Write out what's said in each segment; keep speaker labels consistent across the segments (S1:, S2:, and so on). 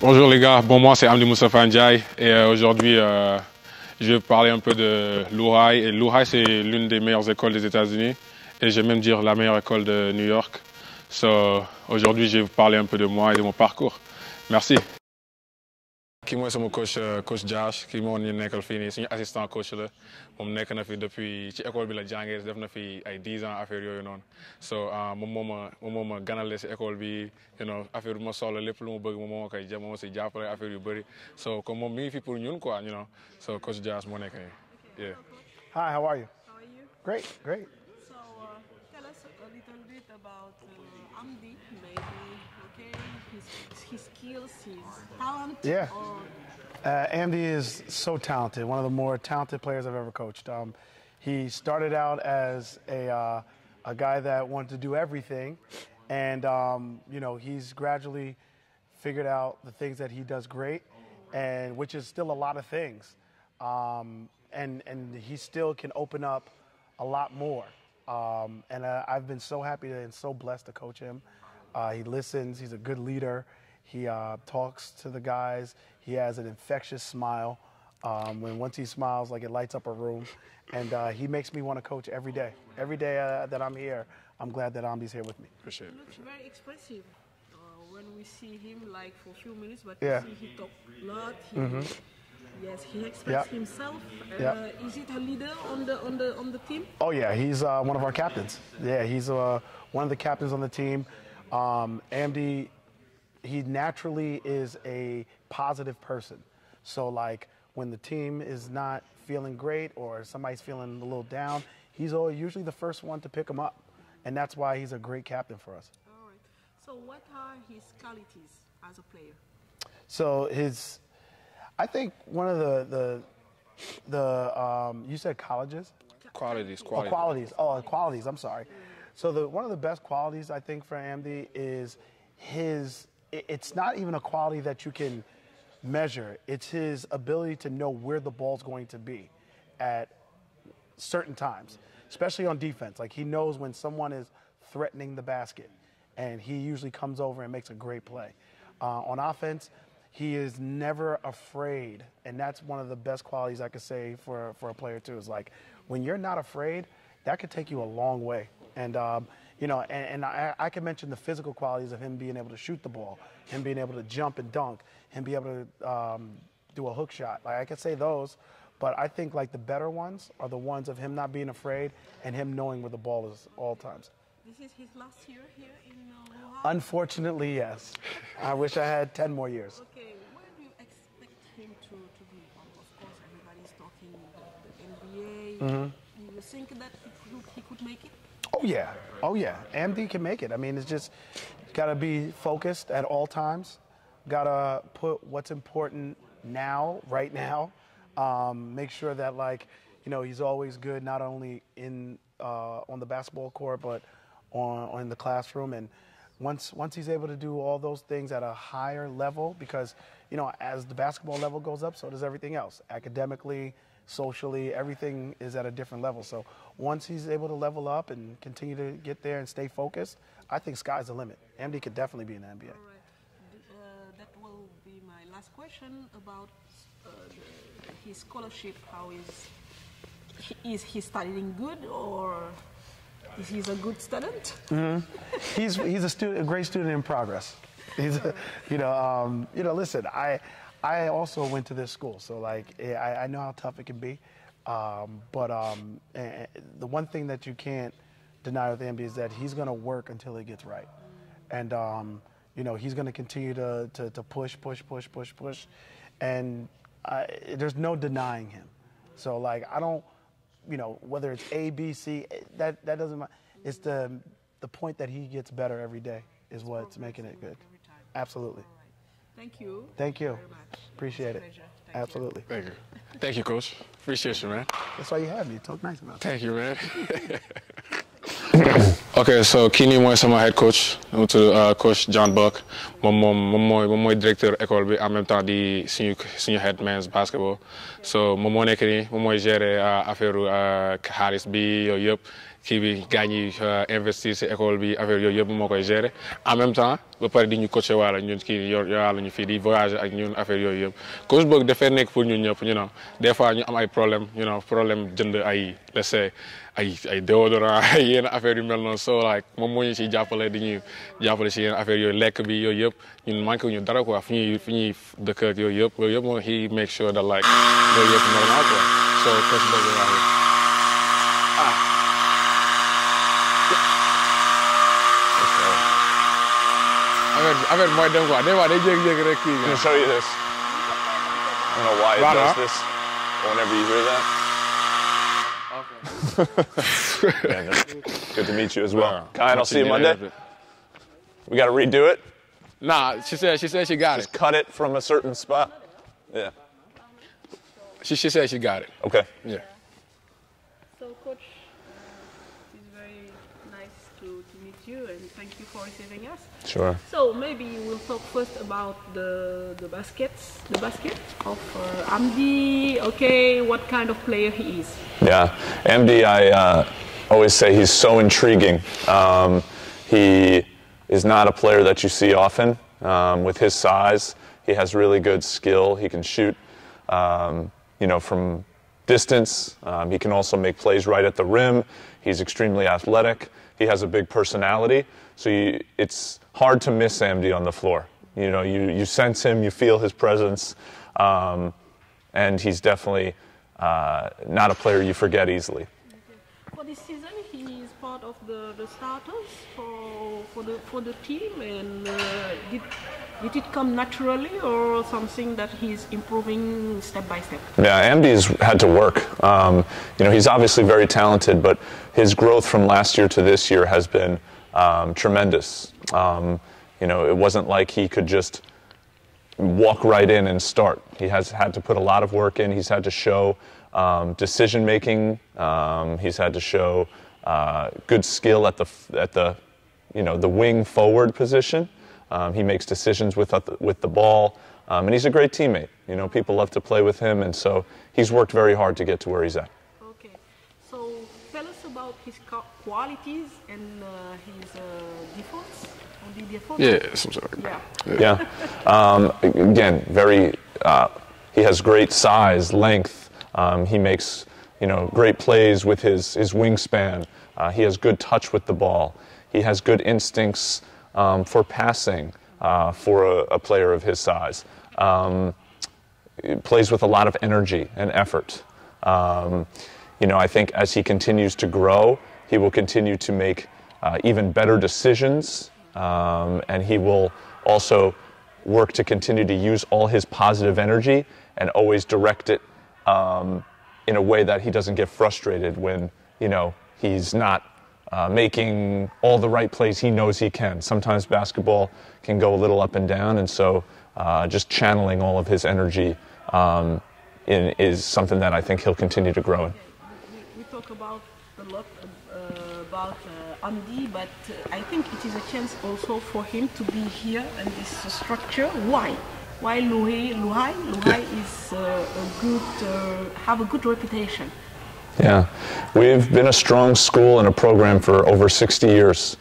S1: Bonjour les gars, bon moi c'est Amdi Moussa Ndiaye et euh, aujourd'hui euh, je vais parler un peu de Lurai. Et l'Ouhai c'est l'une des meilleures écoles des États-Unis et je même dire la meilleure école de New York. aujourd'hui je vais vous parler un peu de moi et de mon parcours. Merci. kii mooy sama coach uh, coach Dias kii moo ñu assistant coach la moom nekk na fi depuis école la jàngee def na fi ay ans affaire so moom moo ma moom ganale école bi you know affaire bu ma soxla lépp lu mu bëgg moom moo koy affaire so comme moom mi ngi pour quoi you know so coach Dias moo nekk yeah.
S2: Hi, how are you? How are you? Great, great.
S3: his skills, his talent?
S2: Yeah. Uh, uh, Andy is so talented, one of the more talented players I've ever coached. Um, he started out as a, uh, a guy that wanted to do everything, and um, you know he's gradually figured out the things that he does great, and which is still a lot of things, um, and and he still can open up a lot more. Um, and uh, I've been so happy and so blessed to coach him. Uh, he listens. He's a good leader. He uh, talks to the guys. He has an infectious smile. Um, when once he smiles, like it lights up a room, and uh, he makes me want to coach every day. Every day uh, that I'm here, I'm glad that Ambi's here with me. Appreciate it. He
S3: looks very expressive uh, when we see him, like for a few minutes, but yeah. see he talk a lot. He, mm -hmm. Yes, he expresses yep. himself. Uh, yep. Is it a leader on the on the on the team?
S2: Oh yeah, he's uh, one of our captains. Yeah, he's uh, one of the captains on the team. Um, Amdi he naturally is a positive person. So like when the team is not feeling great or somebody's feeling a little down, he's always usually the first one to pick them up, and that's why he's a great captain for us. All
S3: right. So what are his qualities as a player?
S2: So his, I think one of the the the um, you said colleges. Qualities, oh, qualities. Oh, qualities. Oh, qualities. I'm sorry. So the one of the best qualities I think for Amdi is his it's not even a quality that you can measure. It's his ability to know where the ball's going to be at certain times, especially on defense. Like he knows when someone is threatening the basket, and he usually comes over and makes a great play. Uh, on offense, he is never afraid, and that's one of the best qualities I could say for for a player too. Is like when you're not afraid, that could take you a long way. And um, you know, and, and I, I can mention the physical qualities of him being able to shoot the ball, him being able to jump and dunk, him being able to um, do a hook shot. Like I could say those, but I think like the better ones are the ones of him not being afraid and him knowing where the ball is all times.
S3: This is his last year here in
S2: Wuhan. Unfortunately, yes. I wish I had ten more years. Okay,
S3: where do you expect him to, to be? Of course, everybody's talking about the NBA. Mm -hmm. Do you think that he could, he could make it?
S2: Oh yeah, oh yeah. AMD can make it. I mean, it's just got to be focused at all times. Got to put what's important now, right now. Um, make sure that like you know he's always good, not only in uh, on the basketball court, but on, on the classroom and once once he's able to do all those things at a higher level because you know as the basketball level goes up so does everything else academically socially, everything is at a different level. So once he's able to level up and continue to get there and stay focused, I think sky's the limit. MD could definitely be in the NBA. All
S3: right. Uh, that will be my last question about uh, his scholarship. How is he, is he studying good or? Is he's a good student. Mm -hmm.
S2: he's he's a student, a great student in progress. He's, a, you know, um, you know. Listen, I I also went to this school, so like eh, I, I know how tough it can be. Um, but um, eh, eh, the one thing that you can't deny with Andy is that he's going to work until he gets right, and um, you know he's going to continue to, to, to push, push, push, push, push, and I, there's no denying him. So like I don't, you know, whether it's A, B, C, that that doesn't matter. It's the the point that he gets better every day is what's making it good. Absolutely. Thank you. Thank you. much. Appreciate it. Thank Absolutely. You. Thank you. Thank you,
S1: Coach. Appreciate you, man.
S2: That's why you have me. Talk nice about Thank you, man.
S1: okay, so Kini was my head coach. I went to uh, coach John Buck. Mon mooy moom mooy directeur école bi en même temps di senior senior head men's basketball. So moom moo nekk nii moom mooy gérer euh, affaire euh, xaalis bi yooyu yëpp. kii bi gaañ yi euh, investir si école bi affaire yooyu yëpp moo koy gérer en même temps ba pare di ñu coaché wala ñun kii yor wala ñu fii di voyager ak ñun affaire yooyu yëpp coach boog dafay nekk pour ñun ñëpp ñu naan des fois ñu am ay problème ñu naan problème jënd ay lessé ay ay déodorant ay yenn affaire yu mel noonu soo like moom moo ñu siy jàppale di ñuy jàppale si yenn affaire yooyu lekk bi yooyu yëpp ñun manqué wu ñu dara quoi fu ñuy fu ñuy dëkk ak yooyu yëpp yooyu yëpp moo he make sure that like yooyu yëpp normal quoi so coach boog I've had more than one. They want Let me show you this.
S4: I don't know why it does this. Whenever you hear that. Okay. Good to meet you as well. Kyle, I'll see you Monday. We got to redo it. Nah, she said she said she got Just it. Just cut it from a certain spot.
S1: Yeah. She she said she got it. Okay. Yeah.
S3: So coach, it's very nice to, to meet you and thank you for receiving us. Sure. So maybe we'll talk first about the the baskets, the basket of uh, Okay, what kind of player he is?
S4: Yeah, MD. I uh, always say he's so intriguing. Um, he is not a player that you see often. Um, with his size, he has really good skill. He can shoot, um, you know, from distance. Um, he can also make plays right at the rim. He's extremely athletic. He has a big personality. So you, it's hard to miss Samdi on the floor. You know, you, you sense him, you feel his presence, um, and he's definitely uh, not a player you forget easily.
S3: For this season, he is part of the, the starters for, for, the, for the team, and uh, did, did it come naturally or something that he's improving step by step?
S4: Yeah, Amdi's had to work. Um, you know, he's obviously very talented, but his growth from last year to this year has been um, tremendous. Um, you know, it wasn't like he could just walk right in and start. He has had to put a lot of work in. He's had to show um, decision making. Um, he's had to show uh, good skill at the at the you know the wing forward position. Um, he makes decisions with the, with the ball, um, and he's a great teammate. You know, people love to play with him, and so he's worked very hard to get to where he's at. Okay,
S3: so tell us about his qualities and uh, his uh, defaults. Yeah, Yeah. yeah.
S4: Um, again, very. Uh, he has great size, length. Um, he makes you know great plays with his his wingspan. Uh, he has good touch with the ball. He has good instincts um, for passing uh, for a, a, player of his size. Um, plays with a lot of energy and effort. Um, you know, I think as he continues to grow, he will continue to make uh, even better decisions um, and he will also work to continue to use all his positive energy and always direct it um, in a way that he doesn't get frustrated when you know he's not uh, making all the right plays he knows he can. Sometimes basketball can go a little up and down, and so uh, just channeling all of his energy um, in, is something that I think he'll continue to grow in.
S3: We, talk about a lot uh, about uh, but uh, I think it is a chance also for him to be here in this structure. Why? Why Luhai? Luhai, Luhai is uh, a good, uh, have a good reputation.
S4: Yeah, we've been a strong school and a program for over 60 years.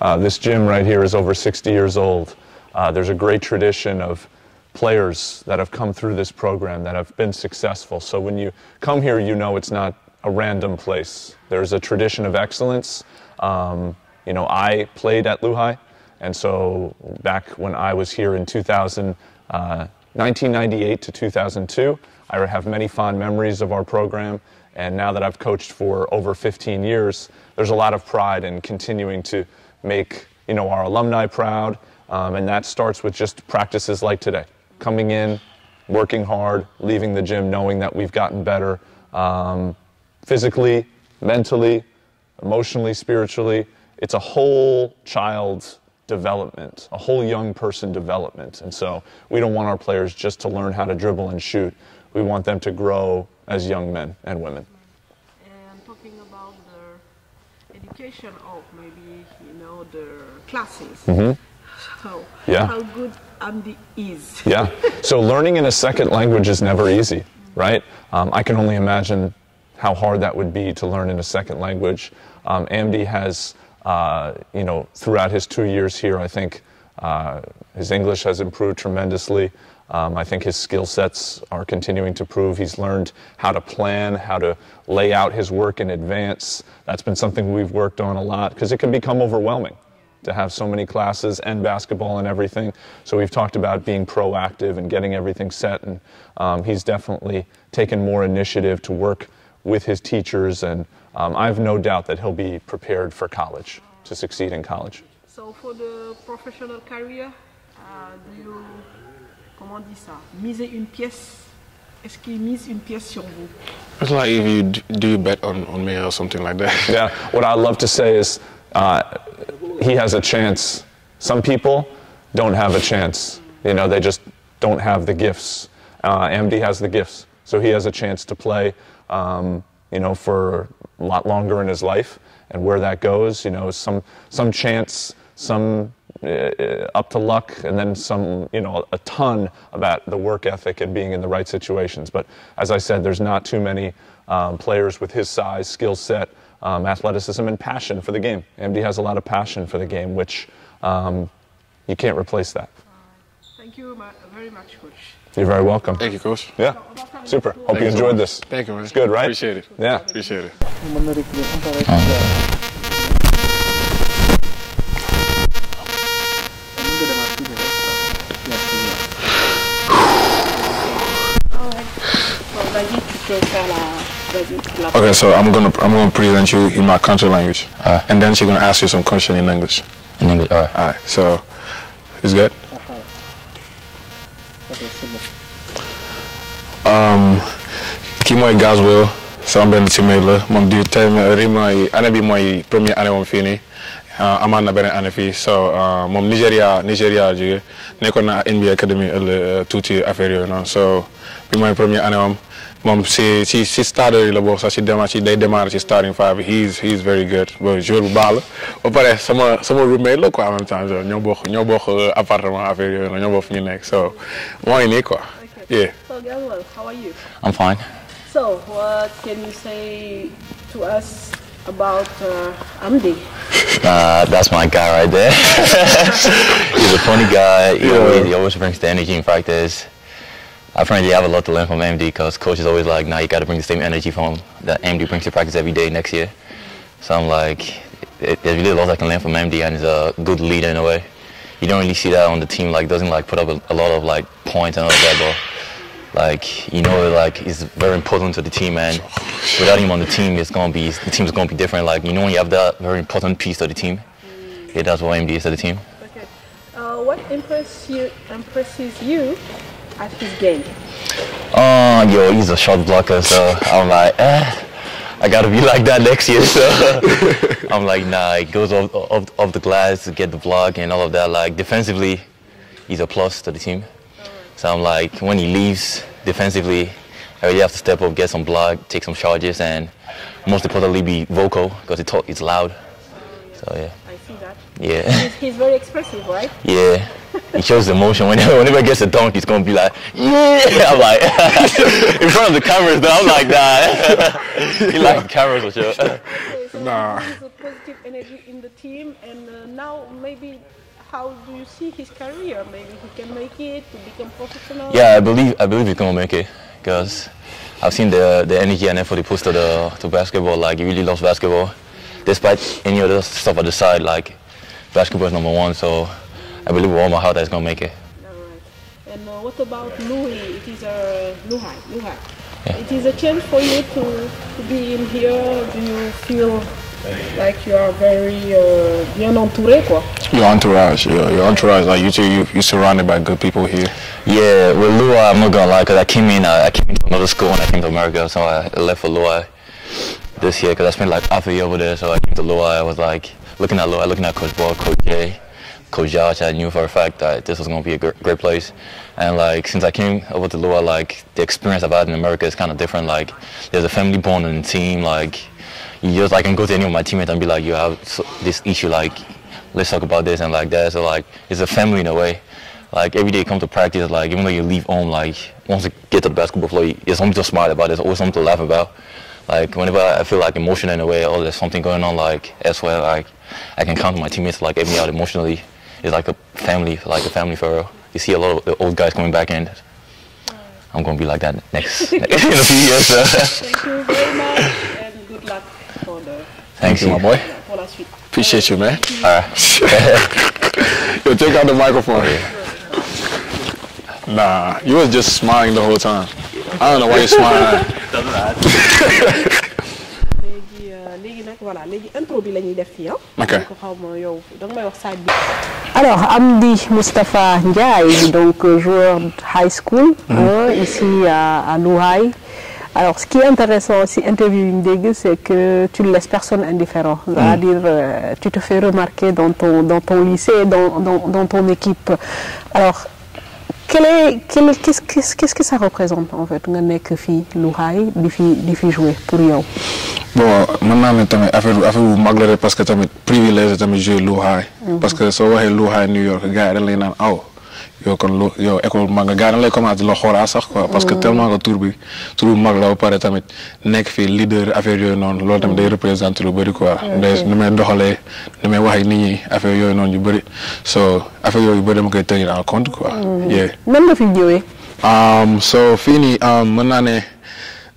S4: Uh, this gym right here is over 60 years old. Uh, there's a great tradition of players that have come through this program that have been successful. So when you come here, you know it's not a random place. There's a tradition of excellence, um, you know, I played at Lehigh, and so back when I was here in 2000, uh, 1998 to 2002, I have many fond memories of our program. And now that I've coached for over 15 years, there's a lot of pride in continuing to make you know our alumni proud, um, and that starts with just practices like today, coming in, working hard, leaving the gym knowing that we've gotten better um, physically, mentally, emotionally, spiritually. It's a whole child's development, a whole young person development. And so we don't want our players just to learn how to dribble and shoot. We want them to grow as young men and women.
S3: And talking about the education of maybe, you know, the classes. Mm-hmm. So yeah. how good Andy is.
S4: yeah. So learning in a second language is never easy, right? Um, I can only imagine how hard that would be to learn in a second language. Um, AMD has, uh, you know, throughout his two years here, I think uh, his English has improved tremendously. Um, I think his skill sets are continuing to prove. He's learned how to plan, how to lay out his work in advance. That's been something we've worked on a lot because it can become overwhelming to have so many classes and basketball and everything. So we've talked about being proactive and getting everything set. And um, he's definitely taken more initiative to work with his teachers, and um, I have no doubt that he'll be prepared for college, to succeed in college.
S3: So for the professional career, uh, do you, comment dit ça, miser une pièce Est-ce qu'il mise une pièce sur vous?
S1: It's like if you do you bet on, on me or something like that. yeah, what I love to say is uh, he has a chance.
S4: Some people don't have a chance. You know, they just don't have the gifts. Uh, MD has the gifts, so he has a chance to play um, you know, for a lot longer in his life. And where that goes, you know, some some chance, some uh, uh, up to luck, and then some, you know, a ton about the work ethic and being in the right situations. But as I said, there's not too many um, players with his size, skill set, um, athleticism, and passion for the game. MD has a lot of passion for the game, which um, you can't replace that. Thank you very much, Coach. You're very welcome. Thank you, Coach. Yeah. Super. Hope you enjoyed you. this. Thank you, man. It's good, right? Appreciate
S2: it.
S1: Yeah. Appreciate it. Oh. Okay, so I'm gonna I'm gonna present you in my country language, uh, and then she's gonna ask you some question in English. In English, alright. Alright, so it's good. Um, kii mooy Gazwell sama benn teammate la moom di tey ri mooy année bi mooy première année moom fii nii uh, amaat na benn année fii so uh, moom Nigéria Nigéria jóge nekkoon na NBA academy ëllëg uh, tuuti affaire yooyu noonu so bi mooy première année moom Mom, she she she started yooyu la bokk sax si démarre si day démarrer starting five He's he's very good bon joueur bu baax la ba pare sama sama roommate la quoi en même temps ñoo bokk ñoo bokk appartement affaire yooyu noonu ñoo bokk fu so moo ngi nii quoi. yeah.
S3: So Galwal, how are you? I'm fine. So what can you say to us about uh,
S5: Amdi? Uh, that's my guy right there. He's a funny guy. He, yeah. always, he always brings the energy in practice. I personally have a lot to learn from MD because coach is always like, "Now nah, you got to bring the same energy from that MD brings to practice every day next year." So I'm like, it, there's really a lot I can learn from MD, and he's a good leader in a way. You don't really see that on the team. Like, doesn't like put up a, a lot of like points and all that, but like you know like it's very important to the team and without him on the team it's gonna be the team's gonna be different like you know when you have that very important piece to the team yeah, that's what MD is to the team okay
S3: uh, what impress you, impresses you at his game?
S5: Uh, oh, yo, he's a shot blocker, so I'm like, eh, I gotta be like that next year. So I'm like, nah, it goes off, off, off the glass to get the block and all of that. Like, defensively, he's a plus to the team. So I'm like, when he leaves defensively, I really have to step up, get some block, take some charges, and most importantly, be vocal because it's loud. So yeah. I see that. Yeah. He's,
S3: he's very expressive, right?
S5: Yeah. he shows emotion. Whenever, whenever he gets a dunk, he's gonna be like, yeah. I'm like, in front of the cameras, though, I'm like that. Nah. he likes the cameras for sure. Okay, so nah. There's a positive energy in the team,
S3: and uh, now maybe how do you see his career? Maybe he can make it to become professional. Yeah, I believe I believe
S5: he can make it because I've seen the the energy and effort he puts to the to basketball. Like he really loves basketball, despite any other stuff at the side. Like basketball is number one, so I believe with all my heart that's going to make it. All
S3: right. And uh, what about Luhi? It is a uh, Luhai. Luhai. Yeah. It is a chance for you to, to be in here. Do you feel like you are very uh, bien entouré, quoi?
S1: Your entourage,
S5: your, your entourage. Like you two, you, you're surrounded by good people here. Yeah, with Luai, I'm not gonna lie, cause I came in, I, uh, I came to another school and I came to America, so I left for Luai this year, cause I spent like half a year over there, so I came to Luai. I was like looking at Loa, looking at Coach Ball, Coach Jay, Coach Josh, I knew for a fact that this was going to be a great place. And like since I came over to Loa, like the experience I've had in America is kind of different. Like there's a family bond in the team. Like you just like I can go to any of my teammates and be like, you have this issue. Like let's talk about this and like that. So like it's a family in a way. Like every day you come to practice, like even though you leave home, like once you get to the basketball floor, there's something to smile about. There's always something to laugh about. Like whenever I feel like emotional in a way, or there's something going on like elsewhere, like I can count on my teammates to like get me out emotionally. It's like a family, like a family for you. You see a lot of the old guys coming back, and I'm gonna be like that next, in a few years. Thank you very much, and good luck for the. Thank, Thank you, my boy. For Appreciate you, man. All right.
S1: Yo, take out the microphone. Oh, nah, you was just smiling the whole time. I don't know why you're smiling. Doesn't
S3: voilà alors Amdi Mustapha Ndiaye donc euh, joueur high school. Mhm. Hein, ici à à Alors, ce qui est intéressant aussi, interview c'est que tu ne laisses personne indifférent. Mhm. C'est-à-dire, euh, tu te fais remarquer dans ton, dans ton lycée, dans, dans, ton équipe. Alors, qu'est-ce que ça représente, en fait, que fille, fille jouer pour Yow
S1: bon mën naa ne tamit affaire affaire bu mag la parce que tamit privilège tamit joué luuxaay. Mhm. parce que soo waxee luuxaay New York gars yi dañ lay naan aw oh, yow kon lu yow école bu mag la gars la xoolaa sax parce que mhm. tellement que tur bi tur bu mag la ba pare nekk fii leader affaire yooyu noonu loolu tamit day mhm. représenté lu bëri quoi. day nu may doxalee nu may wax ak nit ñi affaire yooyu noonu yu bëri soo affaire yooyu bëri dama koy tenir en compte quoi. yee. Um, um, ne.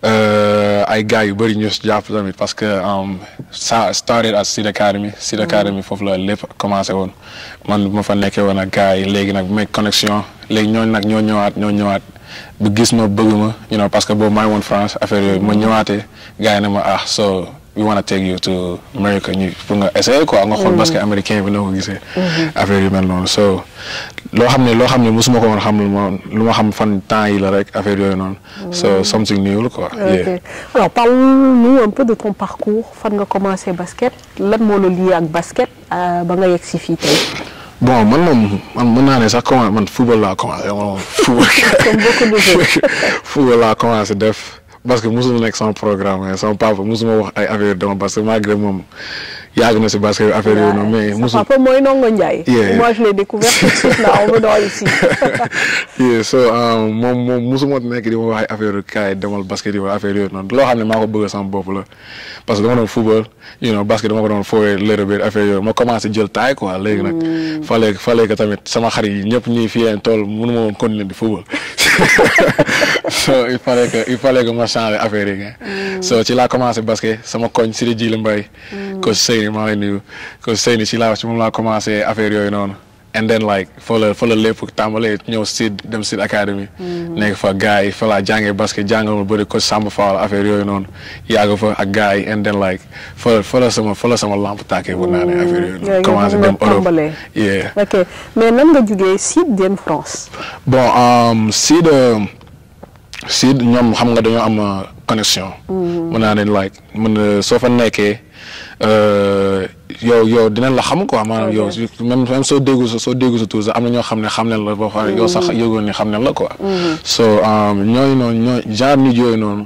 S1: Euh, ay gars yu bëri ñu jàpp tamit parce que um, ça started at Sida Academy Sida Academy foofu la lépp commencé woon man bu ma fa nekkee woon a gars yi léegi nag bu may connexion léegi ñooñu nag ñoo ñëwaat ñoo ñëwaat bu gis ma bëgg ma you know parce que boobu maa ngi France affaire yooyu ma ñëwaatee gars yi ne ma ah so wo want to take you to America ñu pour nga essayer quoi nga xool mm. basket américain bi noo ko gisee. Mm-hmm. affaire yu mel noonu so loo xam ne loo xam ne mosuma ko woon xam lu ma lu ma xam fan temps yi la rek affaire yooyu noonu. so mm. something new quoi. ok
S3: alors parle-nous un peu de ton parcours fan nga moo la lié ak basket euh, ba nga si fii tey.
S1: bon man moom man mën naa ne sax commencé man football laa commencé man football. parce que musul nekk sama programme sama papa musuma wax ay affaire dama parce que maa gërëm un peu basket mais moi
S3: je l'ai découvert tout de suite là ici.
S1: yeah so je euh, ne pas di basket affaire la parce que un know basket dama ko affaire Je que jël taille, quoi fallait fallait que tamit sama xarit moi fi mënu que so il fallait que il fallait que ma affaire yi hein. mm. so ci la basket sama commencé à faire léegi maa ngi lay nuyu ko Seyni si laa si moom laa commencé affaire yooyu noonu and then like fa la fa la lépp tàmbalee ñëw Sid dem Sid Academy. Mm-hmm. nekk fa gars yi fa laa jàngee basket jàngal ma bëri ko Samba Fall affaire yooyu noonu yàgg fa ak gars and then like fa fa la sama fa la sama lampe tàkkee bu naa ne mm. affaire yooyu noonu. commencé dem Europe yeah
S3: ok mais nan nga dem France.
S1: bon um, Sid um, Sid ñoom xam nga dañoo am. Uh, connexion. Mm-hmm. mën naa leen like mën soo fa nekkee euh, yow yow dinañ la xam ko maanaam yow même même soo déggu sa soo déggu sa tuur sax am na ñoo xam ne xam nañ la boo xam yow sax mm-hmm. yëgoon ni xam nañ la quoi. Mm-hmm. so um, ñooñu noonu ñooy genre nit yooyu noonu.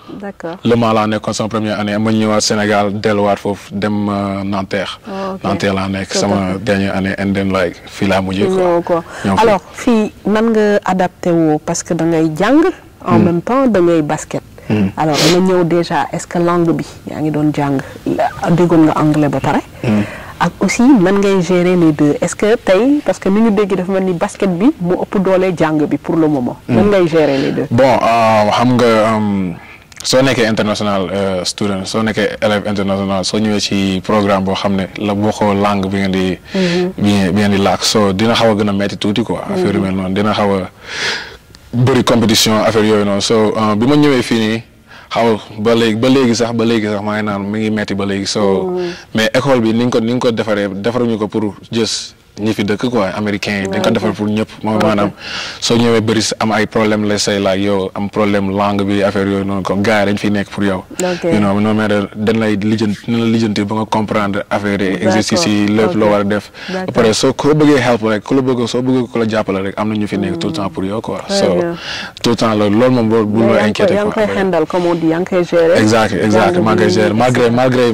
S1: d'accord le Mans laa nekkoon sama première année ma ñëwaat Sénégal delluwaat foofu dem euh, Nanterre.
S3: Oh, Nanterre laa
S1: nekk sama dernière année Nden like fii laa mujjee quoi. alors
S3: fi nan nga adapté woo parce que da ngay jàng. en hmm. même temps da ngay basket. Hmm. alors nga ñëw déjà est-ce que langue bi yaa ngi doon jàng déggoon nga anglais ba pare. Hmm. ak aussi nan ngay gérer les deux est-ce que tey parce que ni ñu dégg dafa mel ni basket bi mu ëpp doole jàng bi pour le moment. nan ngay
S1: gérer les deux. bon euh, xam nga. Euh, soo nekkee international euh, student soo nekkee élève international soo ñëwee ci programme boo xam ne la bokkoo langue bi ngeen di. Mhm. bi ngeen di làkk soo dina xaw a gën a metti tuuti quoi. Mhm. affaire yu mel noonu dina xaw a bëri compétition affaire yooyu noonu soo euh, bi ma ñëwee fii nii xaw ba léegi ba léegi sax ba léegi sax maa ngi naan mi ngi metti ba léegi soo. Mhm. mais école bi ni ñu ko ni ñu ko defaree defaruñu ko pour jës. ñi fi dëkk quoi américain yi dañ ko defal pour ñëpp moom ah, la say am problème langue bi affaire yooyu noonu comme gars yi nekk pour yow you know non mais la lijjanti ba nga comprendre affaire exercice yi lépp loo war a ko bëggee help rek la bëgg la jàppale rek am nekk tout temps pour yow quoi mm. so tout temps loolu loolu moom loolu
S3: exact exact maa ngi koy gérer malgré malgré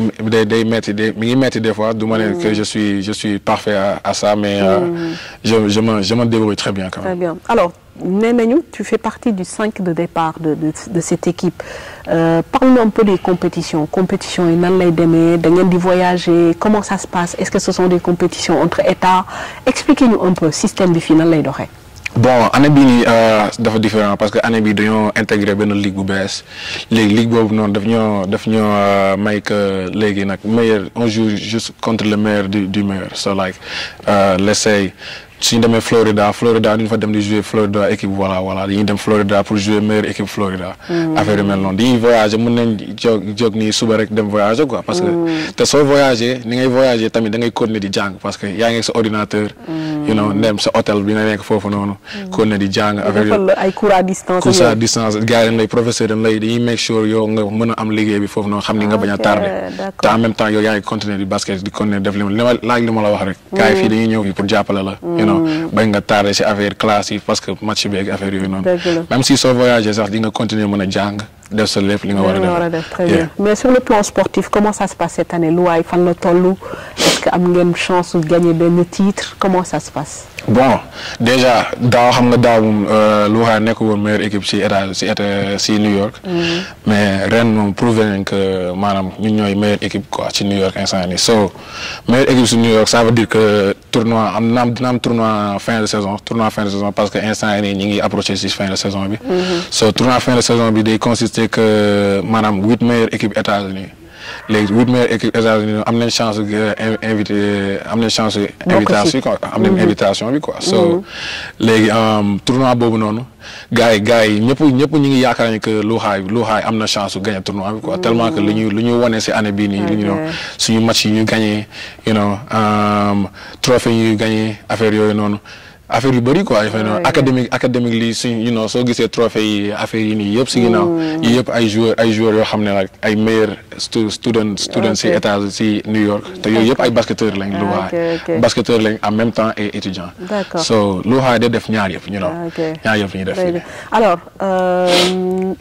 S1: day fois du ne mm. que je suis parfait à mais euh, hmm. je, m'en débrouille très bien quand
S3: même. Alors, tu fais partie du 5 de départ de, cette équipe. Euh, Parle-nous un peu des compétitions. Compétitions, il y a des voyager, comment ça se passe Est-ce que ce sont des compétitions entre États Expliquez-nous un peu le système de finale.
S1: bon année bii nii euh, dafa différent parce que année bii dañoo intégré benn ligue bu bees léegi ligue boobu noonu daf ñoo daf ñoo euh, may que léegi nag meilleur on joue juste contre le meilleur du du meilleur so like euh, l'essai suñu demee Florida Florida duñ fa dem di jouer Florida équipe hmm. mel noonu dañuy voyager mën nañ jóg nii suba rek dem voyager quoi. parce que hmm. te soo voyager ni ngay voyager tamit da ngay continuer di jàng parce que yaa ngi sa ordinateur. Hmm. you know dem sa hôtel bi na nekk foofu noonu. continuer di jàng affaire yooyu
S3: ay cours à distance. cours à
S1: distance nga xam ni nga bañ a tardé. te en même temps yow yaa ngi continuer di basket di continuer def laaj li ma la wax rek. gars fii dañuy ñëw fii pour jàppale la. non mm. bay nga tardé si affaire classe yi parce que match bi ak affaire yooyu noonu si soo voyagé sax di nga continuer mën a jàng def sa li nga wara def
S3: très bien mais sur le plan sportif comment ça se passe cette année Lou'Aï fan la toll est-ce que am ngeen chance de gagner ben titre comment ça se passe.
S1: bon déjà daaw xam nga daaw moom euh, Lou'Aï nek woon meilleure équipe si état si état New York. Mm. mais ren moom prouvé que manam ñun ñoy meilleure équipe quoi ci New York instant nii so meilleure équipe ci New York ça veut dire que tournoi am na am dina am tournoi fin de saison tournoi fin de saison parce que instant ni ñi ngi approché ci fin de saison bi. Mm-hmm. so tournoi fin de saison bi day consiste c'est que maanaam huit meilleures équipes États-Unis léegi huit meilleures équipes États-Unis am na chance euh, invité euh, am na chance invitation quoi am nañ mhm. invitation bi quoi so mhm. léegi euh, tournoi boobu noonu gars yi gars yi ñëpp ñëpp ñu ngi yaakaar ni que Luxaay Luxaay am na chance su gagné tournoi bi quoi mhm. tellement que lu ñuy lu ñuy wane si année bii nii li ñu suñu match ñu gagné you know trophée yi ñu gagné affaire yooyu noonu affaire yu bëri quoi affaire académique lii soo gisee trophée yi affaire yi nii yëpp si mm. yi yëpp ay ay joueurs yoo xam ne nag ay meilleur student student si état New York te yooyu yëpp ay basketteurs lañ ah, luwaay basketteurs lañ en même temps et étudiant so luwaay day def ñaar yëpp you ah,
S3: euh,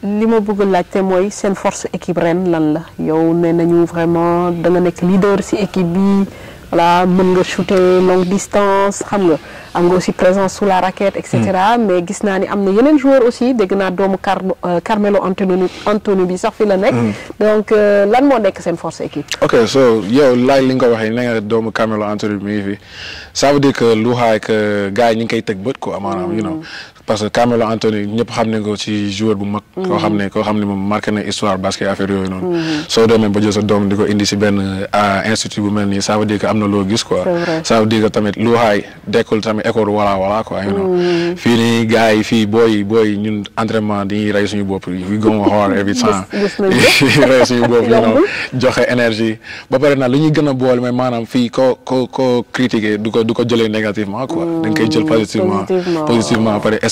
S3: li ma bëgg laajte mooy seen force équipe ren lan la yow ne nañu vraiment nekk leader si équipe bi voilà mën nga shooter longue distance xam nga am nga aussi présence sous la raquette et cetera mm. mais gis naa ni am na yeneen joueur aussi dégg naa doomu Car euh, Carmelo Anthony Anthony bi sax fi la nekk mm. donc euh, lan moo nekk seen force équipe
S1: ok so yow laaj li nga waxee nga doomu Carmelo Anthony mi fi ça veut dire que lu xaay que euh, gars yi ñu ngi koy teg bët quoi maanaam you know mm. parce que Carmelo Anthony ñëpp xam ne ko ci joueur bu mag. koo moom marqué na histoire basket affaire yooyu noonu. Mhm. soo demee ba jël sa doom di ko indi si benn euh, institut bu mel nii ça veut dire na loo gis quoi. ça veut dire que tamit lu xaay dekkul tamit école wala wala quoi. Mhm. fii nii gars yi fii booy booy ñun entraînement dañuy rey suñu bopp we go hard every time. gis joxe énergie. ba pare na lu ñu gën a boole mais maanaam fii ko ko ko critiquer du ko du ko jëlee négativement quoi. Mm, dañ koy jël positivement positivement pare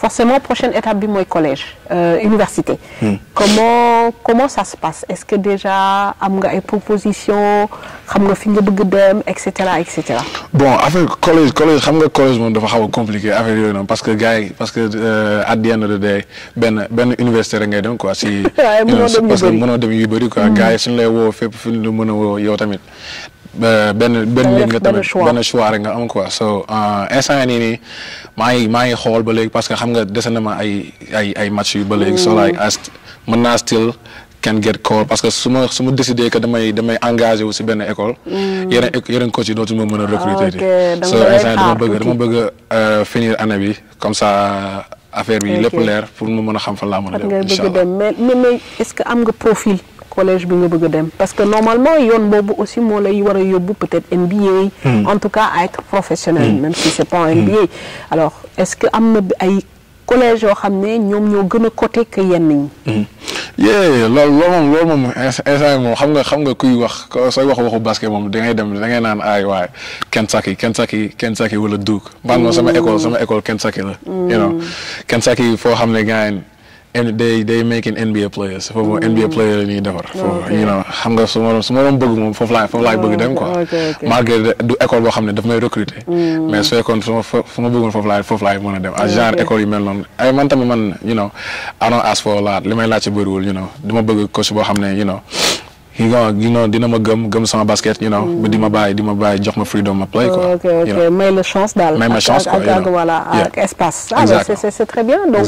S3: forcément prochaine étape bi mooy collège euh, université hmm. comment comment ça se passe est-ce que déjà am nga ay proposition xam nga fi nga bëgg dem et cetera et cetera
S1: bon avec collège collège xam nga collège moom dafa xaw compliqué affaire yooyu noonu parce que gars parce que at euh, the end of day benn benn université rek ngay quoi si parce que mënoo dem yu bëri quoi hmm. gars yi suñu lay woo fépp fi ñu mën a woo tamit benn benn ligne nga tamit benn choix nga am quoi so euh, instant nii nii maa ngi maa ngi xool ba léegi parce que xam nga dese na ma ay ay ay match yu ba léegi so hmm. like as mën naa still can get call parce que su ma su ma décidé que damay damay engagé wu si benn école. Hmm. yeneen yeneen coach yi dootu ma mën a recruter. Ah, ok so instant dama bëgg dama bëgg a euh, finir année bi comme ça affaire bi lépp leer pour mu mën a xam fa laa mën a dem. incha allah
S3: mais mais est que am nga profil. collège bi nga bëgg dem parce que normalement yone bobu aussi mo lay wara a peut-être MBA. Hmm. en tout cas à être professionnel. Hmm. même si c'est pas un MBA. Hmm. alors est-ce que am ay collège yo xamné ne ñoo gëna côté que yenn
S1: ñi. yeah loolu loolu moom loolu moom instant moom xam nga xam nga kuy wax sooy wax waxu basket mom da ngay dem da ngay naan ay way Kentucky Kentucky Kentucky wala Duke. ban mo sama école sama école Kentucky la. you know Kentucky fo xamné ne and they they making NBA players foofu oh. NBA player la ñuy defar. foofu you know xam nga su ma doon su ma doon bëgg moom foofu laay foofu laay bëgg dem ko malgré du école boo xam ne daf may recruter. Mm. mais su fekkoon su ma fu ma bëggoon foofu laay foofu laay mën a dem. à genre école yu me noonu ay man tamit man you know I don't ask for a lot may laaj ci bëriwul you know dama bëgg coach boo xam ne you know. you know, you know, dina ma gëm gëm sama basket, you know, mm. ba di ma bàyyi di ma bàyyi jox ma freedom ma play quoi. ok ok you know.
S3: may la chance dal. may ma chance quoi ak voilà ak espace. ah bah, c'est c'est très bien donc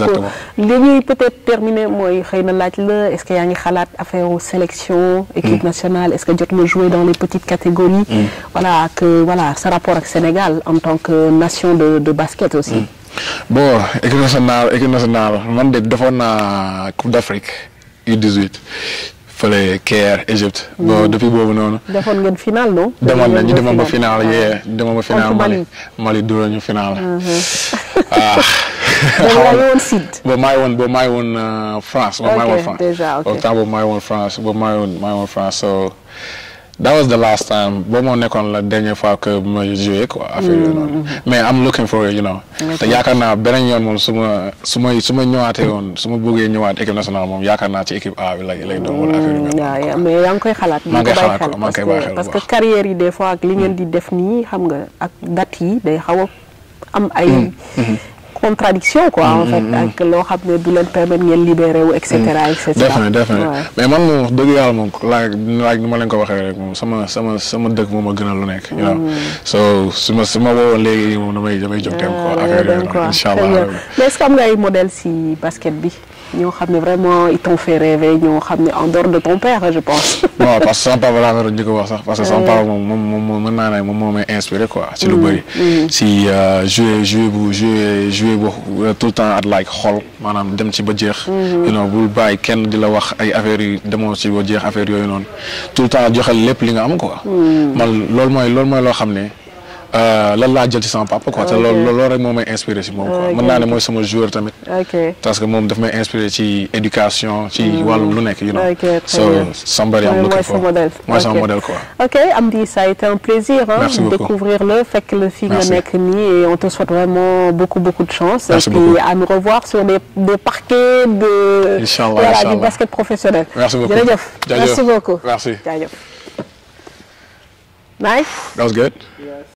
S3: li ñuy peut-être terminer mooy xëy na laaj la est-ce que yaa ngi xalaat affaire sélection. équipe mm. nationale est-ce que jot me jouer dans les petites catégories. Mm. voilà que, voilà ça rapport avec Sénégal en tant que nation de de basket aussi. Mm.
S1: bon équipe nationale équipe nationale man de defoon naa Coupe d'Afrique U18. Fole K.R. Egypt. Bo mm. de pi bo avon nou nou.
S3: De fon gen final nou? De fon gen final,
S1: yeah. De fon gen final, mali. Mali douron yon final. Mm-hmm. Ah. Bon mwen yon sit? Bon mwen yon frans. Bon mwen yon frans. Ok, deja, ok. Bon mwen yon frans. Bon mwen yon frans. So... that was the last time boobu moo nekkoon la dernière fois que ma joué quoi affaire yooyu mm. noonu mais I'm looking for you know mm. te yaakaar naa beneen yoon moom su ma su ma su ma ñëwaatee woon su ma bëggee ñëwaat équipe nationale moom yaakaar naa ci équipe A bi lay lay doon wala affaire yooyu
S3: waaw mm, mais yaa ngi koy xalaat maa ngi koy xalaat maa ngi koy bàyyi xel parce que carrière yi des fois ak li ngeen di def nii xam nga ak date yi day xaw a am ay mm-hmm. contradiction quoi en fait mm-hmm. ak lo xamné ne du leen permettre ngeen libérer ou et cetera et cetera mm. defe na
S1: mais man mo wax dëgg yalla moom laaj laaj ni ma leen ko waxe rek mo sama sama sama dëkk moma gënal lu nekk waaw mm-hmm. so su ma su ma woowoon léegi moom damay damay jóg dem quoi ah, affaire yooyu noonu
S3: mais est-ce que am nga ay modèle si basket bi ñoo xam ne vraiment ils t'ont fait rêver ñoo xam ne en dehors de ton père je pense.
S1: non parce que sama papa laa war a njëkk wax sax parce que sama papa mom mom mom mën naa ne mom moo may inspiré quoi. ci lu mm-hmm. bëri. si euh, jouer jouer bu jouer jouer. liggéey boo euh, tout le temps at like xool maanaam dem ci ba jeex. Mhm. you know bul bàyyi kenn di la wax ay affaires yu demoo ci ba jeex affaire yooyu noonu tout le joxal lépp li nga am quoi.
S3: Mhm. man
S1: loolu mooy loolu mooy loo xam ne. Euh, lan la jël ci sama papa quoi te loolu loolu rek moo may inspiré ci moom quoi mën naa ne mooy sama joueur tamit parce que moom daf may inspiré ci éducation ci hmm. wàllum lu nekk you know so somebody I'm looking for mooy sama modèle quoi
S3: ok di ça a été un plaisir hein, découvrir le fekk le fi nga nekk nii et on te souhaite vraiment beaucoup beaucoup de chance et puis à nous revoir sur des des parquets de voilà du basket professionnel jërëjëf merci beaucoup merci jaajëf nice
S1: that was good Yes.